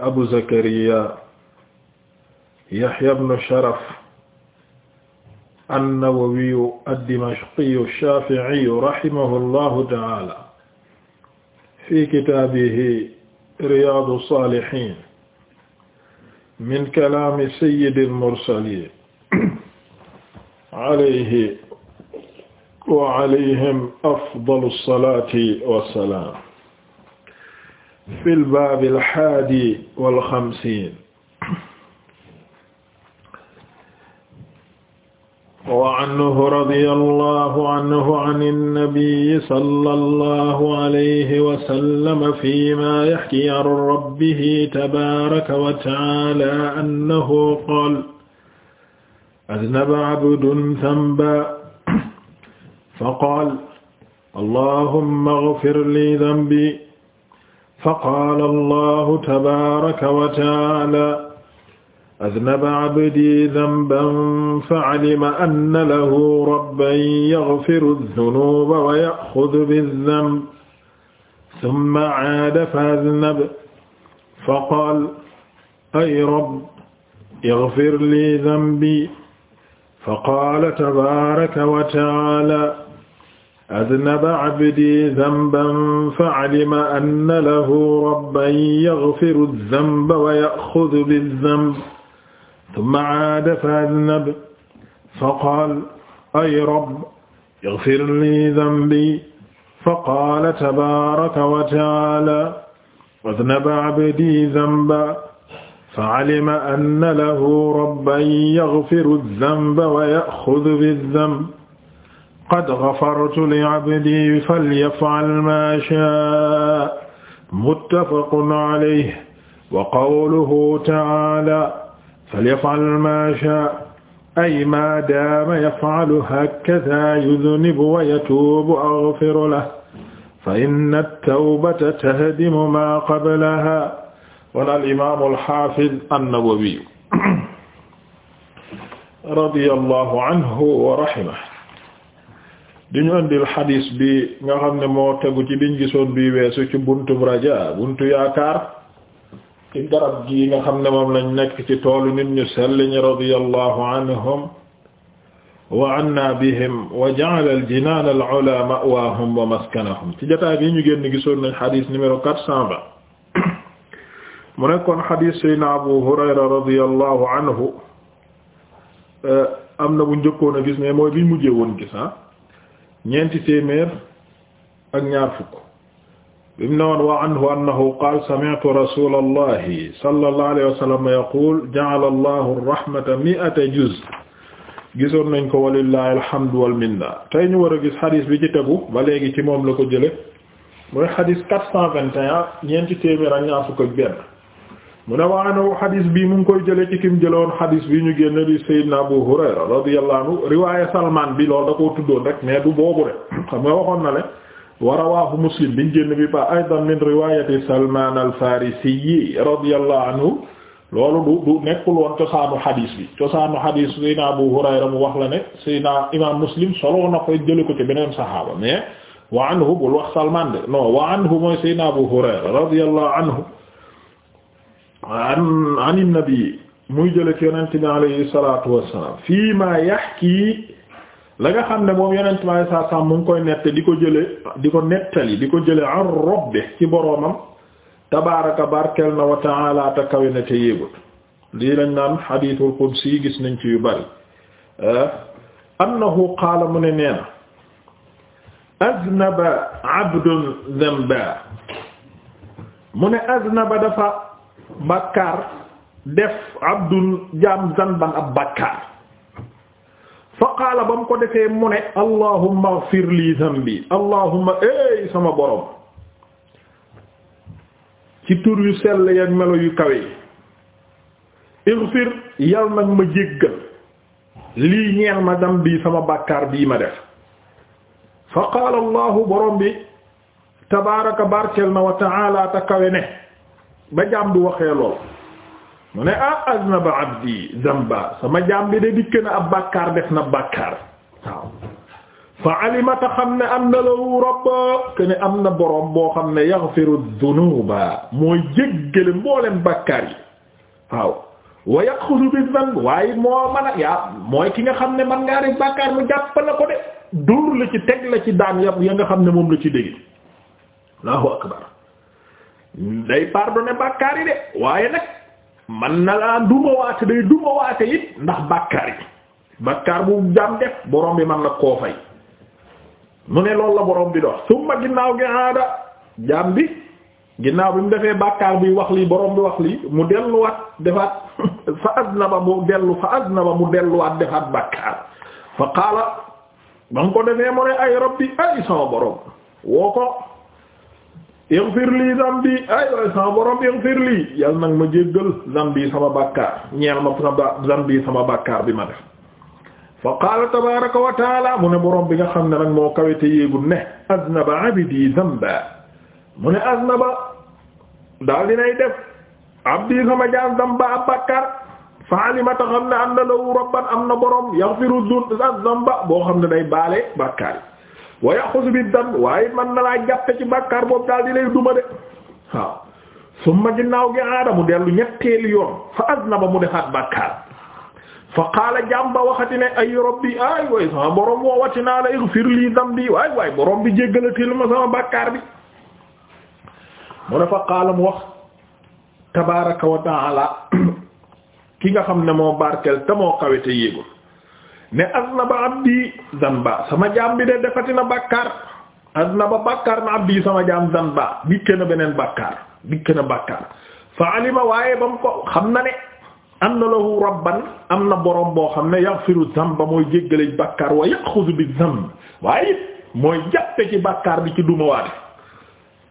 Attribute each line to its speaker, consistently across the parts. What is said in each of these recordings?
Speaker 1: abu zakariya yahya ibn sharaf an-nawawiyu ad-dimashqiyu ash-shafi'iyu rahimahu allahu ta'ala fi kitaabihi riyaadu saalihiin min kalaami sayyidil mursaliin alayhi wa alayhim afdalu salaati wa salaam fi lbaabi alhaadi walxamsiin waanhu radia allahu aanhu an alnabiyi sala allahu alayhi wasallama fiima yaxki an rabbihi tabaaraka wa taala annahu qaal aznaba cabdun tanba faqaal allahumma agfir li danbi faqaala allahu tabaaraka wa taala adnaba abdii danban facalima anna lahu rabban yaghfiru dunuuba wa ya'xudu bizanb summa caada faznab faqaal ay rabb ighfir lii danbii faqaala tabaaraka wa taala aznaba abdi zanban fa'alima anna lahu rabban yaghfiru zanba wa ya'khudhu bi-zanb thumma 'aada fa-aznaba faqaala ay rabb ighfir lii zanbi faqaala tabaaraka wa ta'aala aznaba abdi zanban fa'alima anna lahu rabban yaghfiru zanba wa ya'khudhu bi-zanb qad gafartu li abdi falyaf'al maa shaa muttafaqun alayhi wa qawluhu ta'aala falyaf'al maa shaa ay maa daama yaf'alu hakazaa yudnibu wa yatuubu aghfiru lahu fa inna at-tawbata tahdimu maa qablahaa qaala al-imaam al-haafiz an-Nawawi radiyallaahu anhu wa rahimahu di ñu andil xadis bi nga xam ne moo tegu ci biñ gisoon bi weesu ci buntu raja buntu yaakaar ci garab gi nga xam ne moom lañ nekk ci toolu nit ñu sell ñi radiyallahu anhum wa anna bihim wa ja'ala al al-'ulaa ma'waahum wa maskanahum ci jotaay bi ñu génn gisoon nañ xadis numéro 420 mu nekkoon xadis Seydina Abu Hurayra radiyallahu anhu euh, am na bu njëkkoon a gis mais mooy biñ mujjee woon gis ah ñeenti téeméer ak ñaar fukk bimu ne woon wa anhu annahu qaal sami'tu rasula allahi sallallahu alayhi wa sallam yaqul ja'ala allahu rahmata mi'ata juz gisoon nañ ko walillahi alhamdu wal minna tey ñu war gis xadis bi ci tegu ba léegi ci moom la ko jële mooy xadis quatre vingt et ñeenti téeméer ak ñaar fukk ak benn mu ne waanawu xadis bi mu ngi koy jële ci kim jëlawoon xadis bi ñu génn di Seydina Abu Hurayra radiyallahu anhu riwaaya Salman bi loolu da koo tuddoon rek mais du boobu de xam nga waxoon na le wa rawaahu Muslim biñ génn bi ba aydan min riwaayati Salman al-Farisi radiyallahu anhu loolu du woon cosaanu xadis bi cosaanu xadis Seydina Abu Hurayra mu wax la ne Seydina imaam Muslim solo na koy jëlee ko ci beneen saxaaba mais wa anhu bul wax Salman de non wa anhu mooy Seydina Abu an an nabi muy jële ci yonent bi alayhi salaatu wassalaam fii ma yaxki la nga xam ne moom yonent bi alayhi salaatu wassalaam mu ngi koy nett di ko jële di ko nettali di ko jële an robbe ci boroomam tabaaraka barkel na wa ta'ala ta kawe na te yéegut lii lañ naan xadiitul qudsi gis nañ ci yu bari annahu qaala mu ne nee na aznaba abdun dhanba mu ne aznaba dafa bàkkaar def abdul jaam zanban ab bàkkaar fa qaala ba mu ko defee mu ne allahumma ighfir li dhanbi allahumma eey sama borom ci tur yu sell yak melo yu kawe ighfir yal nag ma jéggal lii ñeel ma dhanbi sama bàkkaar bii ma def fa qaala allahu borom bi tabaaraka barkeel na wa ta'ala ta kawe ne ba jaam bi waxee lool mu ne a ah, aznaba abdi zamba sama jaam bi de dikk na ab bàkkaar def na bàkkaar waaw fa alimata xam ne am na lahu rabba ke ne am na boroom boo xam ne yaghfiru dhunuba mooy jéggale mboolem bàkkaar yi waaw wa yaxusu waaye moo man a yaa mooy ki nga xam ne man ngaa def bàkkaar mu jàpp la ko de dóor la ci teg la ci daan ya ya nga xam ne moom la ci dégg Allahu akbar day pardonné bàkkaar yi de waaye nag man na laa duma waate day duma waate it ndax bàkkaar yi bàkkaar bu jaam def borom bi man na koo fay mu ne loolu la borom bi dox summa ginnaaw gi aada jaam bi ginnaaw bi mu defee bàkkaar bi wax lii borom bi wax lii mu delluwaat defaat fa aznaba mu dellu fa aznaba mu delluwaat defaat bàkkaar fa qaala ba nga ko defee mu ne ay rabbi ay sama borom woo ko ighfir li zambi ay way sama borom ighfir li yàlla nag ma jéggal zambi sama bàkkaar ñeel ma sama zambi sama bàkkaar bi ma fa qaala tabaraka wa taala mu ne borom bi nga xam ne nag moo kawete yéegul ne aznaba abdi zamba mu ne aznaba daal dinay def abdi sama jaan zamba ab bàkkaar fa alimata xam ne am na lahu rabban am na borom yaghfiru zamba boo xam ne day baale bàkkaar wa yaxusu bi waaye man na laa jàppe ci bàkkaar boobu daal di lay duma de waaw summa ginnaaw gi aada mu dellu ñetteeli yoon fa aznaba mu defaat bàkkaar fa qaala jàmba waxati ne ay rabbi ay way sama borom woowati naa la ighfir lii dambi waay waay borom bi jéggalatil ma sama bàkkaar bi mu ne fa mu wax tabaaraka wa ta'ala ki nga xam ne moo barkeel te moo kawete yéegul ne aznaba abdi zanba sama jaam bi de defati na bàkkaar aznaba bàkkaar na abdi sama jaam zanba dikke na beneen bàkkaar dikke na bàkkaar fa alima waaye ba mu ko xam na ne am na lahu rabban am na borom boo xam ne yaghfiru zanba mooy jéggale bàkkaar wa yaxudu bi zanb waaye it mooy jàppe ci bàkkaar bi ci duma waate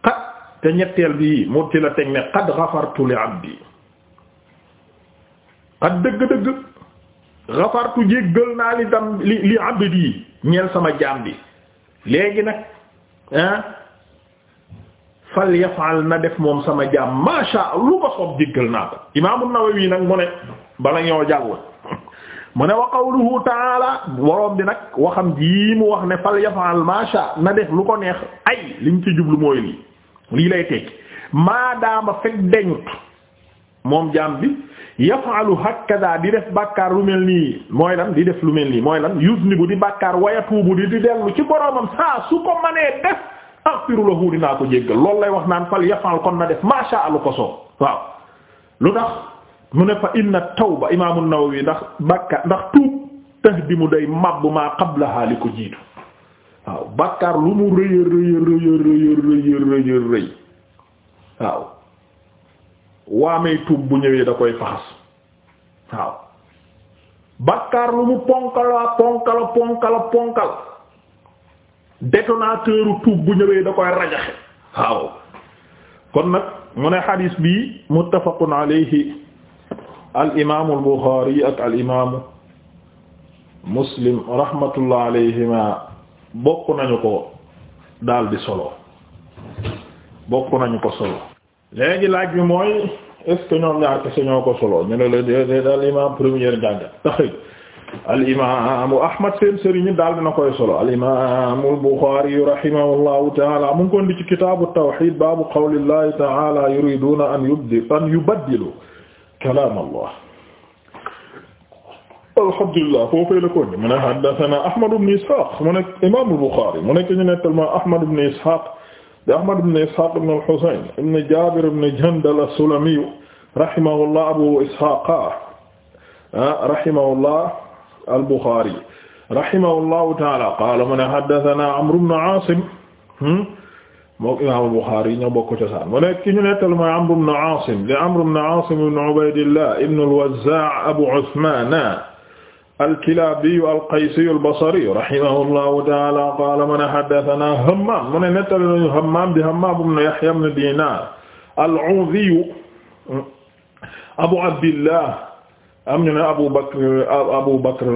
Speaker 1: xat te ñetteel bi mu ci la teg ne qad ghafartu li abdi qad dëgg-dëgg ghafartu jéggal naa li dam li li abdi ñeel sama jaam bi léegi nag ah fal yafal na def moom sama jaam masha lu ko soob jéggal naa ko imaam an-Nawawi nag mu ne bala ñoo jàll mu ne wa qawluhu ta'ala woroom bi nag waxam ji mu wax ne fal yafal masha na def lu ko neex ay liñ ci jublu mooy lii lii lay tekki maadaama fekk deñut moom jaam bi yafaalu hakada di def bàkkaar lu mel nii mooy lan di def lu mel nii mooy lan yusni bu di bàkkaar wayatuubu di di dellu ci boroomam saa su ko manee def aghfiru lahu dinaa ko jéggal loolu lay wax naan fal yafaal kon na def ma sha Allah ko soob waaw lu tax mu ne fa inna tawba imaamu Nawawi ndax bàkkaar ndax tuub tahdimu day mabb maa qablaha li ko jiitu waaw bàkkaar lu mu rëy rëy rëy rëy rëy rëy waaw waamee tuub bu ñëwee da koy faxas waaw bakkaar lu mu ponkala ponkala ponkala ponkal tuub bu ñëwee da koy rajaxe waaw kon nag mu ne xadis bi muttafaqun alayhi al imaamu al buxaari ak al imaamu muslim rahmatullah alayhima bokk nañu ko daal di solo bokk nañu ko solo léegi laaj bi mooy est-ce que ñoom ñaar kese ñoo ko solo ñu ne la déedéet al imam première njàngat taxëj al imaamu Ahmad seen sëriñ daal dina koy solo al imaamu Buxaari rahimahullahu taala mu ngi ko indi ci kitaabu tawxiid baabu qawlillahi taala yuriduuna an yubdi an yubaddilu kalaam allah alhamdulillah foofee la ko indi mu ne haddasanaa Ahmad ibn Isxaaq mu nekk imaamul Buxaari mu nekk ñu nettal ma Ahmad ibn Isxaaq di Ahmad ibn Ishaq ibn al-Husayn ibn Jabir ibn Jandal as-Sulami rahimahullah Abu Ishaq ah, rahimahullah al-Bukhari rahimahullahu ta'ala qala mu ne haddathana Amr ibn Asim hmm, moom imaam al-Bukhari ñoo bokk cosaan mu nekk ki ñu nettal mooy Amr ibn Asim di Amr ibn Asim ibn Ubaydillah ibn al-Wazza' Abu Uthman alkilabiyu alqaysiyu albasariyu rahimahullahu taala qaala man haddathana hammam mu ne nettali nañu hammam bi hammam ibn yahya ibn dinar al-uudhiyu abu abdillah am ñu ne abu bakr abu bakr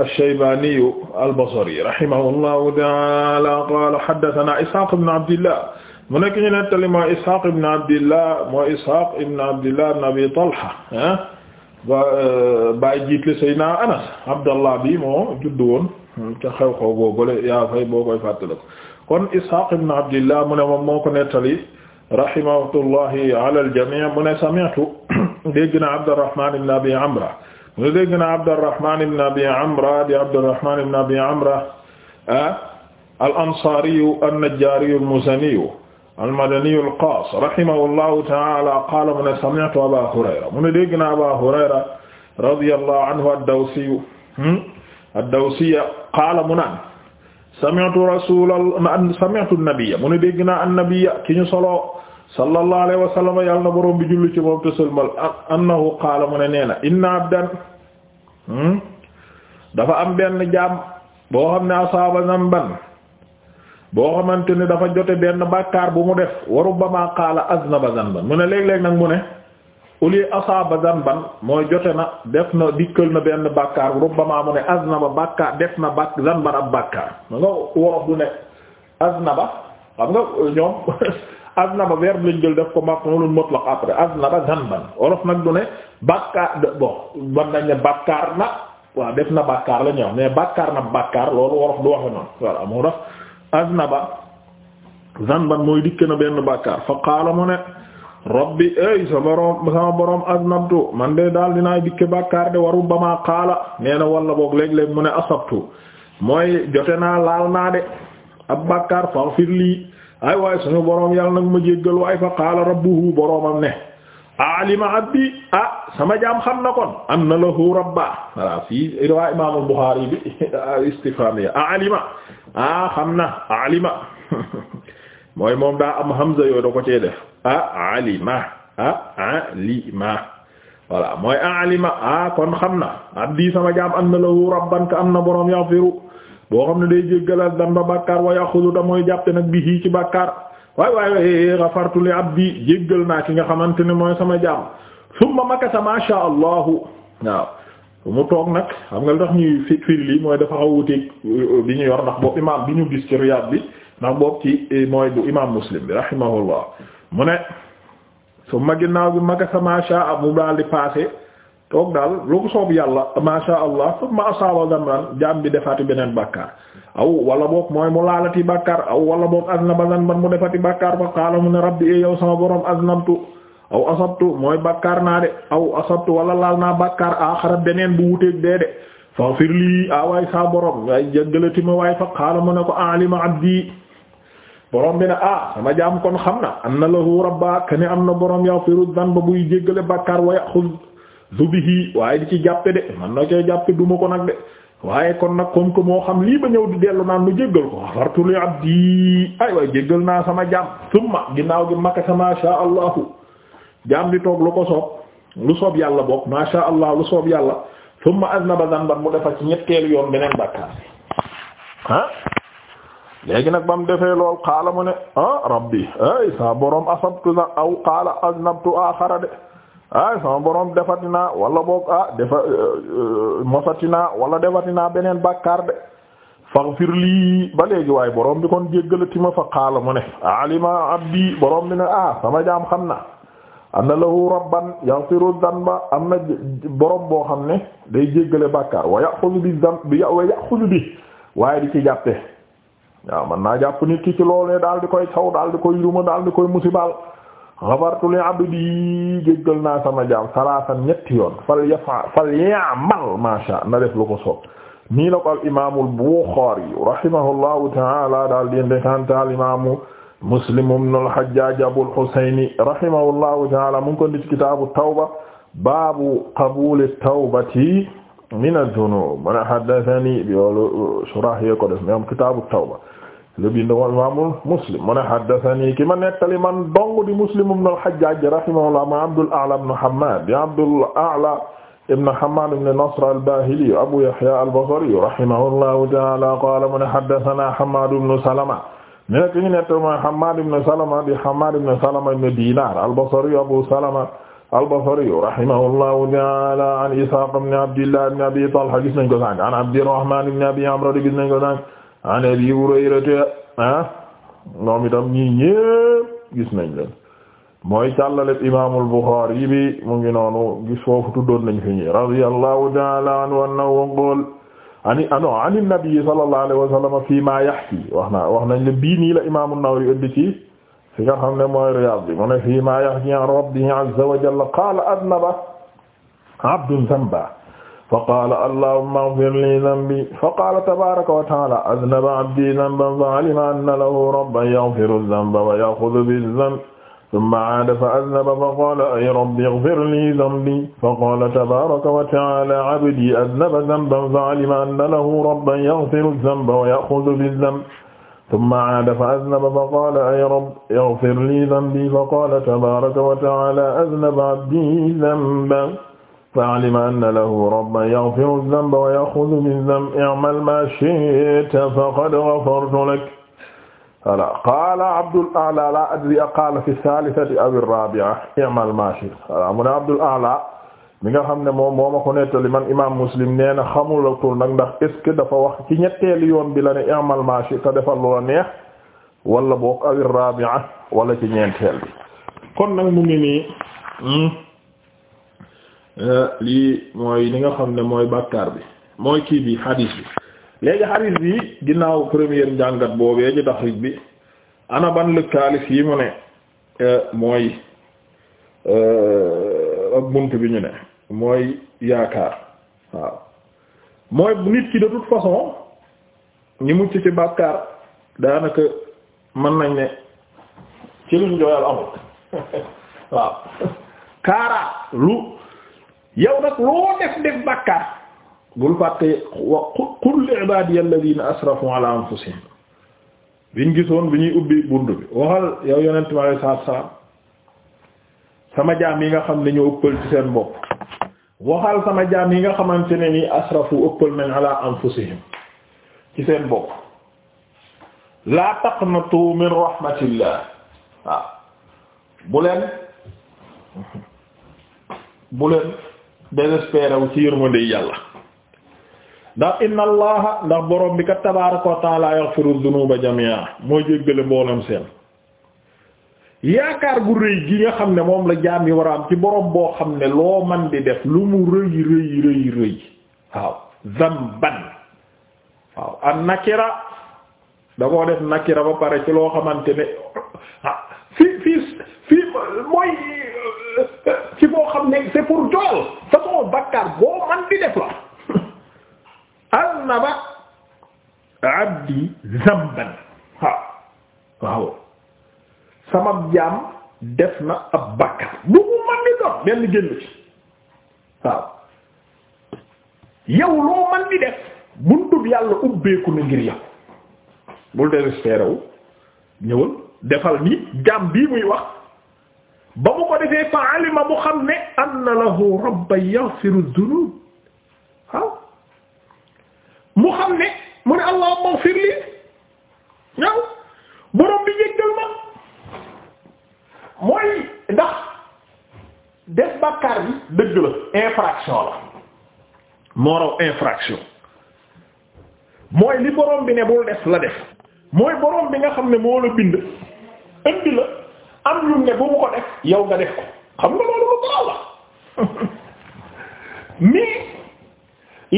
Speaker 1: ash-shaybaniyu albasri rahimahullahu taala qaala haddathana ishaq ibn abdillah mu nekk ñu nettali mooy ishaq ibn abdillah mooy ishaq ibn abdillah ibn abi talha ah. bàyyi euh, jiitle Seydina Anas Abdallah bi moo judd woon ca xew xew googule yaa fay boo koy fàttale ko kon Ishaq ibn Abdillah mu ne moom moo ko nettali rahimatullahi ala al-jami' mu ne sami'tu dégg na Abdurrahman ibn Abi Amra mu ne dégg na Abdurrahman ibn Abi Amra di Abdurrahman ibn Abi Amra ah, al-Ansari an-Najjari al-Muzani almadaniyu alqaas rahimahullahu taala qaala mu ne sami'tu aba hurayra mu ne dégg naa aba hurayra radiyallahu anhu addawsiyu hmm? addawsiya qaala mu naan sami'tu rasulal sami'tu nabiyya mu ne dégg naa annabiyya ki ñu solo sallallahu alayhi wa sallam yàlla na boroom bi julli ci moom te sëlmal annahu qaala mu ne nee na inna abdan hmm? dafa am benn jaam boo xam ne asaaba zamban boo xamante ne dafa jote benn bàkkaar bu mu def wa rubbama qaala aznaba zanban mu ne léeg-léeg nag mu ne au lieu asaaba ban mooy jote na def na dikkal na benn bàkkaar rubbama mu ne aznaba bàkkaar def na bak zanban ab bàkkaar ma nga worof du ne xam nga ñoom aznaba verbe lañ jël def ko maf'ulun mutlaq après aznaba zanban nag du ne bàkkaar bon man nañ ne bàkkaar na waaw def la ñuy mais bàkkaar na bàkkaar loolu wolof du waxe noonu voilà moo tax aznaba zanban mooy dikk na benn bàkkaar fa qaala mu ne rabbi ay sa boroom sama boroom aznabtu man de daal dinaa dikke bàkkaar de waru ba maa qaala nee na wala boog léeg-léeg mu ne asabtu mooy jote naa laal naa de ab bàkkaar faghfir lii ay waaye suñu boroom yàlla nag ma jéggal waay fa qaala rabbuhu boroomam ne alima abdi ah sama jaam xam na kon am lahu rabba voilà fii riwaaya imaamul Buxaari bi alima ah xam na alima mooy moom daa am hamza yooyu da ko cee def ah alima ah mooy ah, ah kon xam na abdi sama jaam am na lahu rabban ka am na boroom boo xam ne day jéggalaat damba bàkkaar wa yaxudu da mooy jàppe ci bàkkaar waay waay eh, eh, li abdi jéggal naa ki nga xamante ne mooy sama jaam summa makasa ma sha allahu waaw mu toog nag xam nga lu tax ñuy fi firi lii mooy dafa xaw wuteeg euh, bi ñu yor ndax boobu imaam bi ñu gis ci Riyaad bi ndax boobu ci euh, mooy bu imaam Muslim bi rahimahullah mu ne su ma ginnaaw bi makasa masha mu daal di passé toog daal lu ko soob yàlla masha allah summa asaaba zamran jaam bi defati beneen bàkkaar aw wala boog mooy mu laalati bàkkaar aw wala boog aznaba zanban mu defati bàkkaar fa qaala mu ne rabbi e yow sama boroom borom aznamtu aw asabtu mooy bàkkaar naa de aw asabtu wala laal naa bàkkaar aaxara beneen bu wuteeg dee de faghfir awaay saa borom waaye jéggalati ma waaye fa qaala mu ne ko alima abdi borom bi ne ah sama jaam kon xam na anna lahu rabba kene am na borom yaghfiru dhanba buy jéggale bàkkaar wa yaxuzu bihi waaye di ci jàppe de man na koy jàppe duma ko nag de waaye kon nag comme que moo xam lii ba ñëw di dellu naan mu jéggal ko ghafartu li abdi ay waay jaam bi toog lu ko soob lu soob yàlla boog ma sha allah lu soob yàlla thumma aznaba zanban mu defa ci ñetteelu yoon beneen bàkkaar ah léegi nag bam mu defee lool xaala mu ne ah rabbi ay sa borom asabtu za aw xaala aznabtu axara de ay sama borom defatinaa wala boog ah defa euh, euh, mosatinaa wala defatinaa beneen bàkkaar de faghfir lii ba léegi waaye borom bi kon jéggalati ma fa xaala mu ne alima abdi borom bi ne ah sama jaam xam na anna lahu rabban yaghfiru dhanba am na borom boo xam ne day jéggale bàkkaar wa ya'khudhu bi waaye di ci jàppe waaw man naa jàpp nit ki ci loolee daal di koy caw daal di koy yuruma daal di koy musibaal ghafartu li abdi jéggal naa sama jaam salaasan ñetti yoon fal yafa fal ma sha na def lu ko soob nii la al imaamu al Bukhari ta'ala daal di indee kan Muslim ibn al-Hajjaj Abul Husayn rahimahullahu ta'ala mu ngi ko ci kitaabu tawba baabu qabuli tawbati min adh-dhunub man haddathani yoolu surah yee ko def moom kitaabu tawba le bindo wal imaamul Muslim man haddathani ki ma nettali man dong di Muslim ibn al-Hajjaj rahimahullah ma Abdul A'la ibn Hammad ya Abdul A'la ibn Hammad ibn Nasr al-Bahili Abu Yahya al-Basri rahimahullahu ta'ala qala man haddathana Hammad ibn Salama ñu ne ki ñu nettal mooy Hammad ibn Salama di Hammad ibn Salama ibn Dinar al-Basri Abu Salama al-Basri rahimahullahu ta'ala an Ishaq ibn Abdillah ibn Abi Talha gis nañ ko sànq an Abdurrahman ibn Abi Amr gis ko sànq an Abi Hurayra ah ñoom itam ñii ñépp gis nañ mooy càllale imaamul Bukhari bi mu ngi noonu gis foofu tuddoon nañ fi ñi radiyallahu ani ano ah, ani nabi sallallahu alayhi wa sallam fi ma yahki wax naa wax nañ le bii nii la imam an-Nawawi indi ci fi nga xam ne mooy Riyad bi mu ne fi ma yahki an rabbihi azza wa jalla qala adnaba abdun dhanba fa qala allahumma ighfir li dhanbi fa qala tabaraka wa ta'ala adnaba abdi dhanban fa alima anna lahu rabban yaghfiru dhanba wa ya'khudhu bi dhanbi ثم عاد فأذنب فقال أي رب اغفر لي ذنبي فقال تبارك وتعالى عبدي أذنب ذنبا فعلم أن له ربا يغفر الذنب ويأخذ بالذنب ثم عاد فأذنب فقال أي رب اغفر لي ذنبي فقال تبارك وتعالى أذنب عبدي ذنبا فعلم أن له ربا يغفر الذنب ويأخذ بالذنب اعمل ما شئت فقد غفرت لك voilà qaala Abdul A'la la adri qaala fi thalithati aw ar-rabi'a i'mal ma shi'ta voilà Abdul A'la mi nga xam ne moom moo ma ko man imaam Muslim nee na xamulatul nag ndax est ce que dafa wax ci ñetteelu yoon bi la ne i'mal ma shi'ta defal loola neex wala boog aw ar-rabi'a wala ci ñeenteel bi kon nag mu ngi hmm, eh, mooy li nga xam bi mooy kii bi hadis bi léegi xadis bi ginnaaw première njàngat boobee ci taxrij bi ana ban lëkkaali yi mu ne euh, mooy euh, ak bunt bi ñu ne mooy yaakaar waaw mooy nit ki de toute façon ñi mucc ci bàkkaar daanaka mën nañ ne ci luñ jooyal amul waaw kaara lu yow nag loo def def bàkkaar bul fàtte wa qul li ibadiya alladhina asrafu anfusihim biñ gisoon bi ñuy ubbi bunt bi waxal yow yonent bi alayhi salaatu salaam sama jaam yi nga xam ne ñoo ëppal ci seen bopp waxal sama jaam yi nga xamante ne ni asrafu ëppal nañ ala anfusihim ci seen bopp la taqnatu min rahmatillah bu leen bu leen désespéré ci yërmande yàlla ndax inna allaha ndax borom bi kat tabaaraka wa taala yaghfiru dhunuba jami'a mooy jéggale mboolem seen yaakaar gu rëy gi nga xam ne moom la jaam yi war a am ci borom boo xam ne loo man di def lu mu rëy rëy rëy waaw zamban waaw an nakira da def nakira ba pare ci loo xamante ne ah, fi fi fi mooy ci boo xam ne c'est pour jool façon bakkaar boo man di def la alnaba abdi zamban waaw sama jaam def na ab bàkkar bu mu man ni doon benn génn ci waaw yow loo man di def buntub yàlla ubbeeku na ngir yow bul désespéré wu ñëwal defal ni jaam bii muy wax ba mu ko defee fa alima mu xam ne anna lahu rabban yaghfiru dhunub waaw mu xam ne mu ne allahumma ighfir li ñaw borom bi jéggal ma mooy ndax def bàkkaar bi dëgg la infraction la moo raw infraction mooy li borom bi ne bul def la def mooy borom bi nga xam ne moo la bind indi la am ñu ne bu mu ko def yow nga def ko xam nga loolu lu ko la mais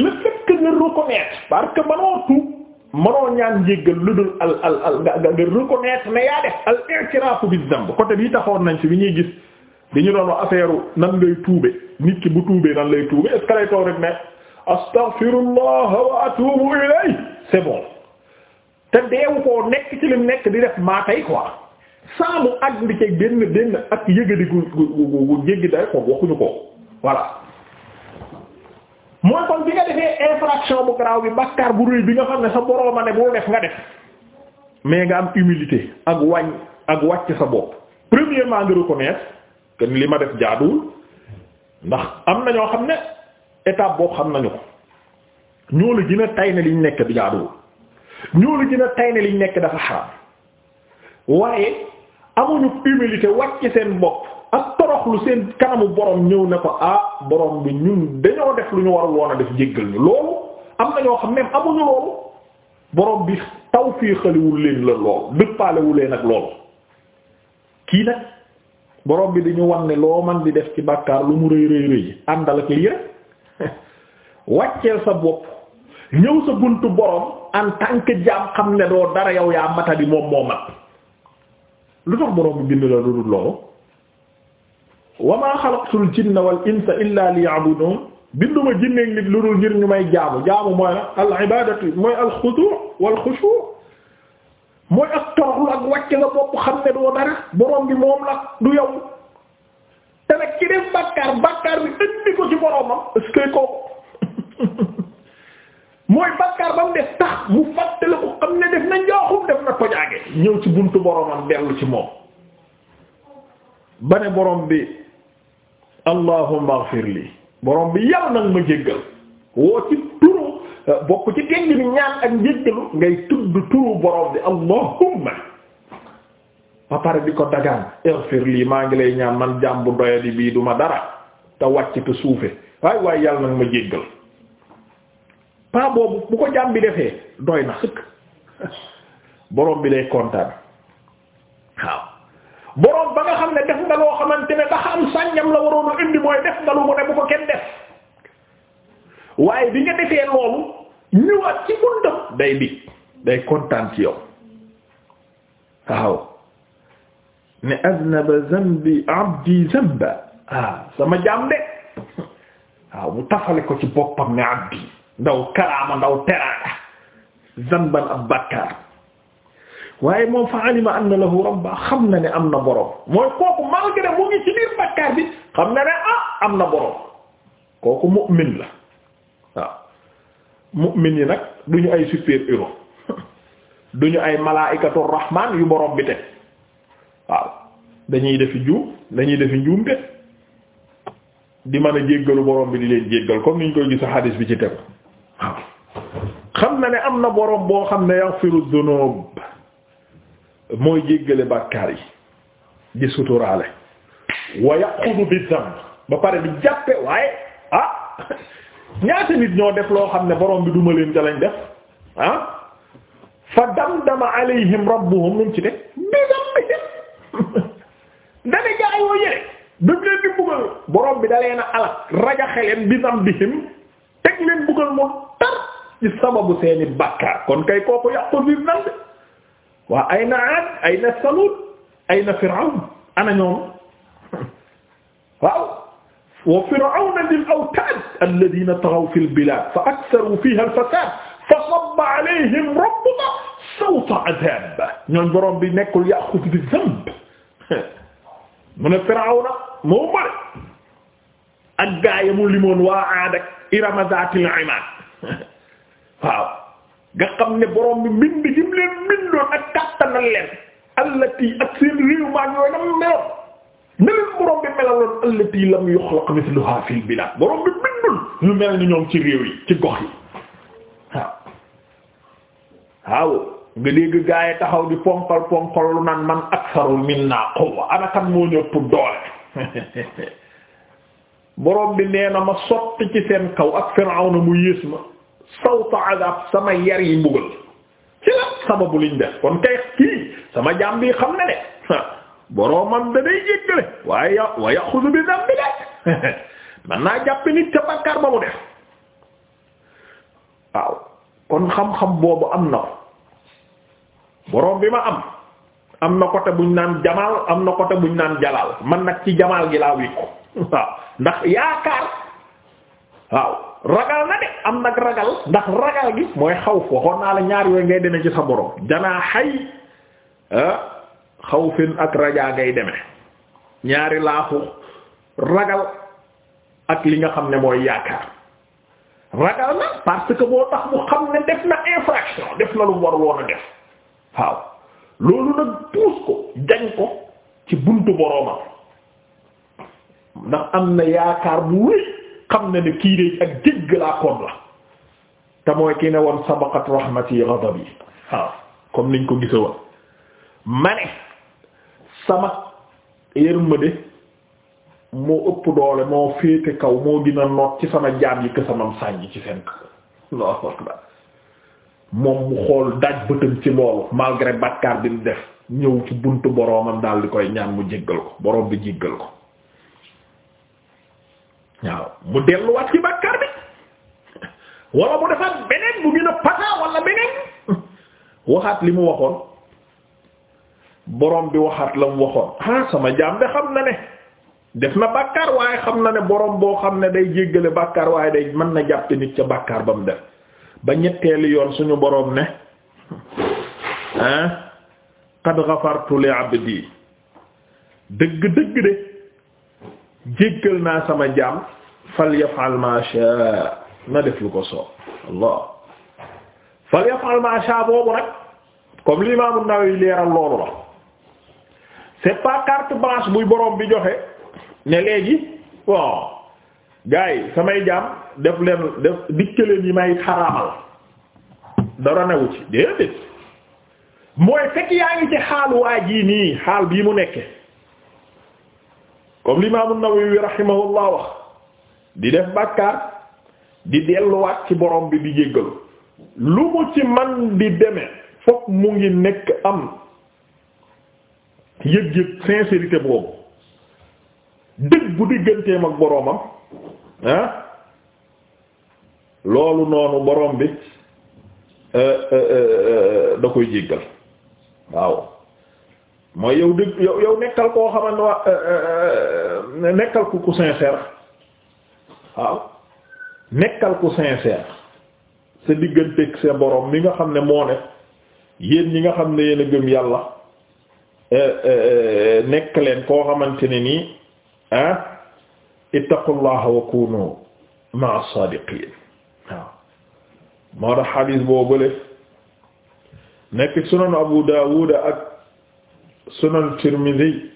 Speaker 1: le fait que nga reconnaître parce que manoo tuub manoo ñaan njéggal lu dul al al al nga nga reconnaître ne yaa def al i'tirafu bi dhanb côté bii taxoon nañ ci bi ñuy gis dañu doon wax affaire nan lay tuube nit ki bu tuubee nan lay tuube est rek ne astaghfirullah wa atubu ilayhi c'est bon te deewu koo nekk ci lim nekk di def maa ko quoi saamu ak ndi ceeg benn benn ak yëgadi gu gu gu jéggi day ko waxuñu ko voilà mooy kon bi nga defee infraction bu garaaw bi bàkkaar bu rëy bi nga xam ne sa borooma ne bul def nga def mais nga am humilité ak wàññ ak wàcc sa bopp premièrement ko reconnaître que li ma def jaaduwul ndax am na ñoo xam ne étape boo xam nañu ko ñoo la gën a tay liñ nekk bi jaaduwul ñoo la gën a tay ne liñ nekk dafa xaram waaye amuñu humilité wàcc seen bopp ak toroxlu seen kanamu borom ñëw ne ko ah borom bi ñun dañoo def lu ñu warul woon def jéggal ñu loolu am na ñoo xam ne amuñu loolu borom bi tawfiixaliwul leen la loolu dëppaalewul leen ak loolu kii nag borom bi dañu wax ne loo man di def ci bàkkaar lu mu rëy rëy rëy àndal ak lii rek wàcceel sa bopp ñëw sa buntu borom en tant que jaam xam ne doo dara yow yaa matadi moom moo mat lu tax borom bi bind la lu dul loolu wa maa xalaqtul jinna wal insa illa liya'budun binduma jinneeg nit lu dul ngir ñu may jaamu jaamu mooy la al ibadatu mooy al ak toroxlu ak bopp xam ne doo dara borom bi moom la du yow te nag ki def bàkkaar bàkkaar bi indi ko ci boromam est mooy bàkkaar ba mu def tax mu fàttale ko xam ne def na njaaxum def na tojaage ñëw ci buntu boromam dellu ci moom ba ne borom bi. allahumma ighfir li borom bi yàlla nag ma jéggal woo ci turu bokk ci teng ni ñaan ak njéggalu ngay tudd turu borom bi allahumma ba pare di ko dagaan ighfir maa ngi lay ñaan man jaam bu doyadi bii duma dara te wàcc te suufe waaye waaye yàlla nag ma jéggal paa boobu bu ko jaam defee doy na sëkk bi day kontaan waaw borom ba nga xam ne def nga loo xamante ne mooy def nga lu mu ne bu ko kenn def waaye bi nga defee loolu ñëwaat ci buntam day bi day kontaan ci yow waaw ne aznaba zambi abdi zamba ah sama jaam de waaw mu tafale ko ci boppam ni abdi ndaw karaama ndaw teraanga zamban ab bakkaar waaye moom fa alima anna bu rabba xam na ne am na boroom mooy kooku malgré mu ngi ci biir bakkaar bi xam na ne ah am na borom kooku la waaw yi nag du ay super héros ay malaa'ikatu rahmaan yu borom bi waaw dañuy defi juum dañuy defi njuumte di a jéggalu borom bi di leen jéggal ni ñu koy gis a xadiis bi ci tegu xam na ne am na borom boo xam ne yaghfiru mooy jéggale bàkkaar yi di suturaale wa yaqudu bi ba pare di jàppe waaye ah ñaata nit ñoo def loo xam ne borom bi duma leen ca lañ def ah fa damdama alayhim rabbuhum num ci teg bi zambihim dana jaay woo yére daf leen di buggal borom bi dalee na alak rajaxeleen bi zambihim teg leen buggal moom tar ci sababu seeni bàkkaar kon kay kooku yàqul bi zamb waa ay na Aad ay na Samuud ay na Firawun ana ñoom waaw wa firawna dil awtaad alladina taxaw fi lbilaad fa aktaru fiha alfasaad fa sabba alayhim rabbuka sawta adaab ñoom borom bi nekkul yaxudu bi zamb mu ne firawna moo bëri ak gaayamu limoon waa Aad ak irama zaatil imaad waaw nga xam ne borom bi mbind gi leen mbindoon ak kàttanal leen allati ak seen réew maa yooyu na mu meloon ne borom bi melaloon allati lam yuxlaq mithluha fil bilad borom bi bindul ñu mel ni ñoom ci réew yi ci gox yi waaw waaw nga dégg gaa taxaw di ponkal ponkal lu naan man aksaru minna quwwa ana kan moo ñëpp doole borom bi nee na ma sotti ci seen kaw ak Firawna mu yées ma sawta azab sama yar yi mbugal ci la sababu liñ def kon kay kii sama jaam bi xam na ne boroomam da day jéggale waaye wa yaxudu bi dambi de man naa jàpp nit ca bàkkaar ba mu def waaw kon xam-xam boobu am na ko boroom bi ma am am na côté buñ naan jamaal am na côté buñ naan jalaal man nag ci jamaal gi laa wékku waaw ndax yaakaar waaw ragal na de am nag ragal ndax ragal gi mooy xaw waxoon naa la ñaar yooyu ngay demee ci sa borom janaa xay xawfin ak rajaa ngay demee ñaari laafu ragal ak li nga xam ne mooy yaakaar ragal na parce que boo tax mu xam ne def na infraction def na lu war loolu nag puus ko jañ ko ci buntu boroomam ndax am na yaakaar bu wéy xam ne ne kii de ak jégg laa koon la te mooy ki ne woon sabaqat rahmati ghadabi waaw comme niñ ko gisa woon ma ne sama yërmande moo ëpp doole moo féete kaw moo gën a noot ci sama jaam yi que sànj ci seen moom mu xool daj bëtam ci loolu malgré bàkkaar bi mu def ñëw ci bunt boroomam daal di koy ñaan mu jéggal ko boroom bi jéggal ko waaw mu delluwaat ci bàkkaar bi wala mu defaat beneen bu gën a pata wala beneen waxaat li mu waxoon borom bi waxaat la mu waxoon ah sama jaam de xam na ne def na bàkkaar waaye xam na ne borom boo xam ne day jéggale bàkkaar waaye day mën na jàpp nit ca bàkkaar ba mu def ba ñetteeli yoon suñu boroom ne ah qad ghafartu li abdi dëgg dëgg de jéggal naa sama jaam falyafal ma sha na def lu ko soob Allah falyafal ma sha boobu nag comme l'imam an-Nawawi leeral loolu la c'est carte blanche buy boroom bi joxe ne léegi bon gars samay jaam def leen def dikkaleen yi may xaraamal dara newu ci déedéet mooy fekk yaa ngi ci xaaluwaa jii nii xaal bii mu nekke comme l'imam an-Nawawi rahimahullah wax di def bàkkaar di delluwaat ci borom bi di jéggalu lu mu ci man di demee fokk mu ngi nekk am yëg-yëg sincérité boobu dëgg bu digganteem ak boroomam ah loolu noonu borom bi euh, euh, euh, da koy jéggal waaw mooy yow dëgg yow yow nekkal koo xaman wa euh, euh, euh, nekkal ku ku waaw nekkal ku sincère sa digganteeg sa borom mi nga xam ne moo ne yéen ñi nga xam ne yéen a gëm yàlla nekk leen koo xamante ne nii ah ittaqullaha wa kunu ma'a as-sadiqin waaw moo tax xadiis boobu le nekk sunan Abu Dawud ak sunan Tirmidi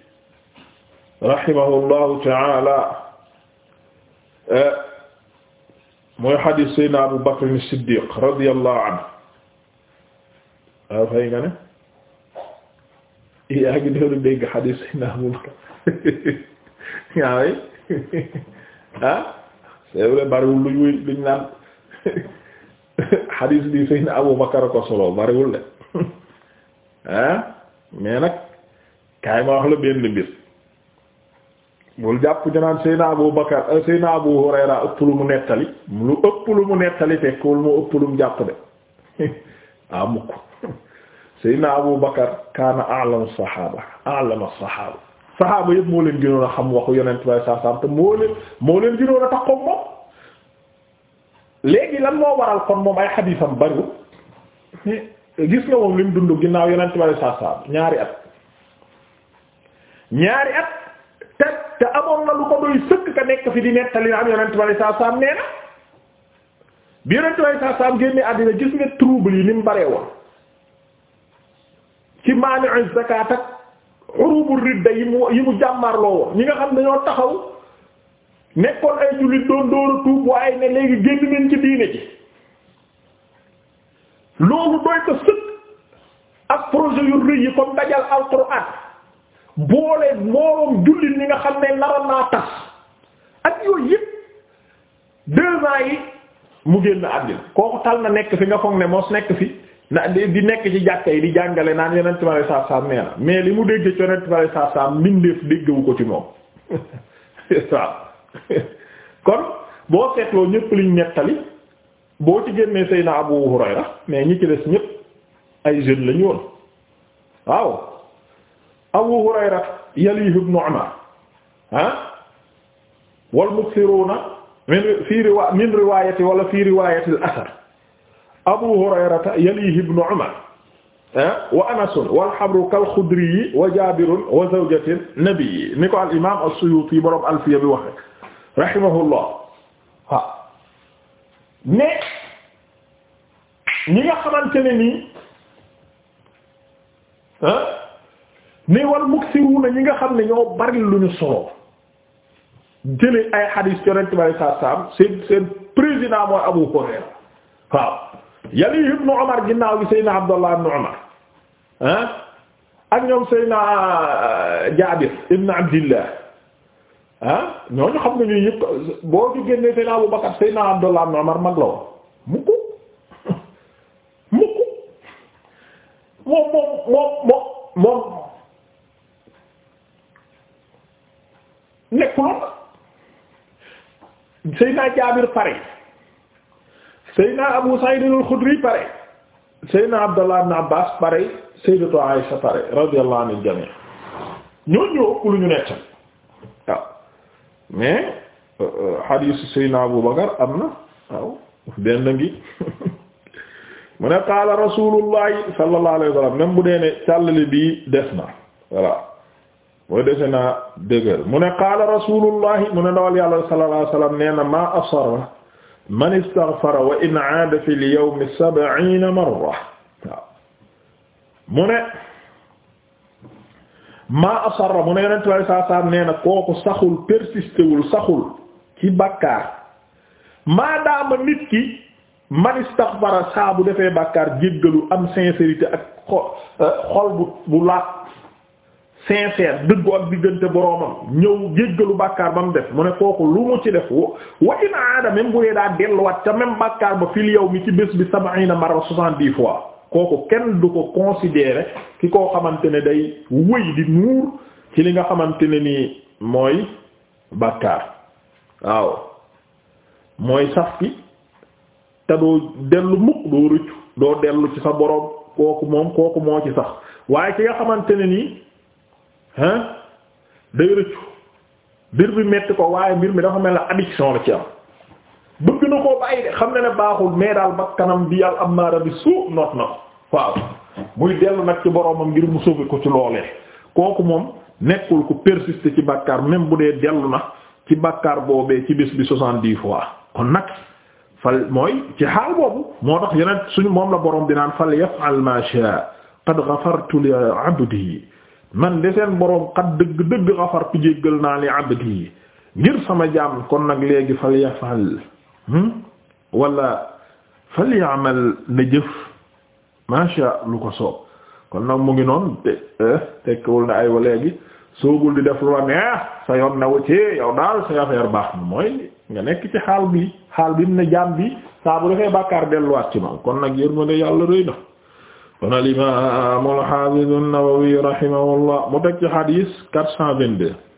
Speaker 1: rahimahullahu ta'ala eh, mooy xadiis Seydina Abu Bakr as-Siddiq radiyallahu anhu waaw fay nga ne yaa ngi dooru dégg xadiis Seydina Abu Bakr ñaawey ah c'est vrai bariwul luñuy luñ naan xadiis bi Seydina Abu Bakr ko solo bariwul de ah mais nag kaay ma wax la benn mbir bul jàpp ñu Seyna Abu Bakar euh, Seyna Abu Hurayra ëpp lu mu nettali lu ëpp lu mu nettali fekkul mu ëpp lu mu jàpp de ah mukk Seyna Abu Bakar kaana a'lamu saxaaba saxaaba saxaaba yëpp moo leen gënoon a xam waxu Yonent bi saa te moo leen moo leen gënoon a taxaw moom léegi lan moo waral kon moom ay xadiisam bariwul gis nga moom li dund ginnaaw Yonent bi saa ñaari at. ñaari at te te amoon na lu ko doy sëkk ka nekk fi di nettali am yonent bi saa saam nee na bi yonent bi saa saam àddina gis nga trouble yi ni mu baree woon ci maani'u zakat ak urubul ridda yi mu yi mu jàmmarloo woon ñi nga xam dañoo taxaw nekkoon ay jullit doon dóor a tuub ne léegi génn nañ ci diine ji loolu doy ko sëkk ak projet yu rëy yi comme dajal alxuraan boolee mbooloom jullit li nga xam ne naroon naa tas ak yooyu yëpp deux ans yi mu génn àddina kooku tal na nekk fi nga foog ne mos nekk fi na di nekk ci jàkka yi di jàngale naan yonent bi saa saam nee na mais li mu déggee ci yonent bi saa saam mbindeef déggewu ko ci moom waaw kon boo seetloo ñëpp liñ nettali boo ci génnee Seydina Abu Hurayra mais ñi ci des ñëpp ay jeune lañu woon waaw. Abu Hurayra yalihi ibnu Umar ah wal muksiruuna min fi riwa min riwaayati wala fi riwaayati al-asar Abu Hurayrata yalihi ibnu Umar wa anasun wal xabru kal xudriyi wa jaabirun wa zawjati nabii ni ko al imaam as-Suyuuti borom alfiya bi waxe rahimahullah waaw mais ñi nga xamante ne nii ah ne wal na ñi nga xam ne ñoo bari lu ñu solo jële ay xadiis yonent bi saa saam seen seen président mooy Abu Hurayra waaw yali ibnu Umar ginnaaw gi Seydina Abdullah ibnu Umar ah ak ñoom Seydina euh, Jaabir ibnu Abdillah xam nga ñuy yëpp boo ci génnee Abu Bakar Seydina Abdullah ibnu Umar mag la woon mukk mukk moom moom moom moom nekkuloon Seydina Jaabir pare Seydina Abu Sa'id al-Khudri pare Seydina Abdallah ibn Abbas pare Sayyidatu Aisha pare radiyallahu anil jami' ñooñu ëpp lu ñu nekk waaw mais euh, euh, hadiis Seydina Abu Bakar am na waaw benn ngi mu ne qaala Rasuulullahi sallallahu alayhi wa sallam même bu dee càllale bii des na voilà. mooy dese naa dëgër mu ne qaala rasulullahi mu ne ndawal yàlla sallallahu alayhi wasallam nee na maa asarra man istaghfara wa in aada fi al-yawmi sab'iina marra waaw mu ne maa asarra mu ne yonent bi saa saa nee na kooku saxul persisté wul saxul ci bàkkaar maadaama nit ki man istaghfara saa bu defee bàkkaar jéggalu am sincérité ak xol euh, bu bu laat sincère dëggu ak diggante boroomam ñëw jéggalu bàkkaar ba mu def mu ne kooku lu mu ci def wo wa in aada même bu dee daa delluwaat ca même bàkkaar ba fil yow mi ci bés bi sab'ina marra soixante-dix fois kooku kenn du ko considérer ki koo xamante ne day wëy di nuur ci li nga xamante ne nii mooy bàkkaar waaw mooy sax fi te doo dellu mukk doo rëccu doo dellu ci sa boroom kooku moom kooku moo ci sax waaye ki nga xamante nii hein day rëccu mbir bi metti ko waaye mbir mi dafa mel ne addiction la ci am bëgg na koo bàyyi de xam ne ne baaxul mais daal ba kanam bi yàlla am maara bi suuf noot na waaw muy dellu nag ci boromam ngir mu sauver ko ci loolee kooku moom nekkul ku persister ci bàkkaar même bu dee dellu na ci bàkkaar boobee ci bés bi soixante-dix fois kon nag fal mooy ci xaal boobu moo tax yeneen suñu moom la boroom di naan fal yaf'al ma sha qad ghafartu li abdi man de seen boroom xat dëgg dëgg xafartu jéggal naa ni abdi yi ngir sama jaam kon nag léegi fal yafal hmm? wala fal yaamal na jëf macha lu ko soob kon nag mu ngi noonu te eh, tekkiwul ay aywa léegi soogul di def lu la neex sa yoon newu ci yow daal sa affaire baax na mooy nga nekk ci xaal bi xaal bi mu ne jaam bi saa bu defee bàkkaar delluwaat ci man kon nag yërmande yàlla rëy na kon al imaam al haafiz an-Nawawi rahimahullah mu teg ci hadis 422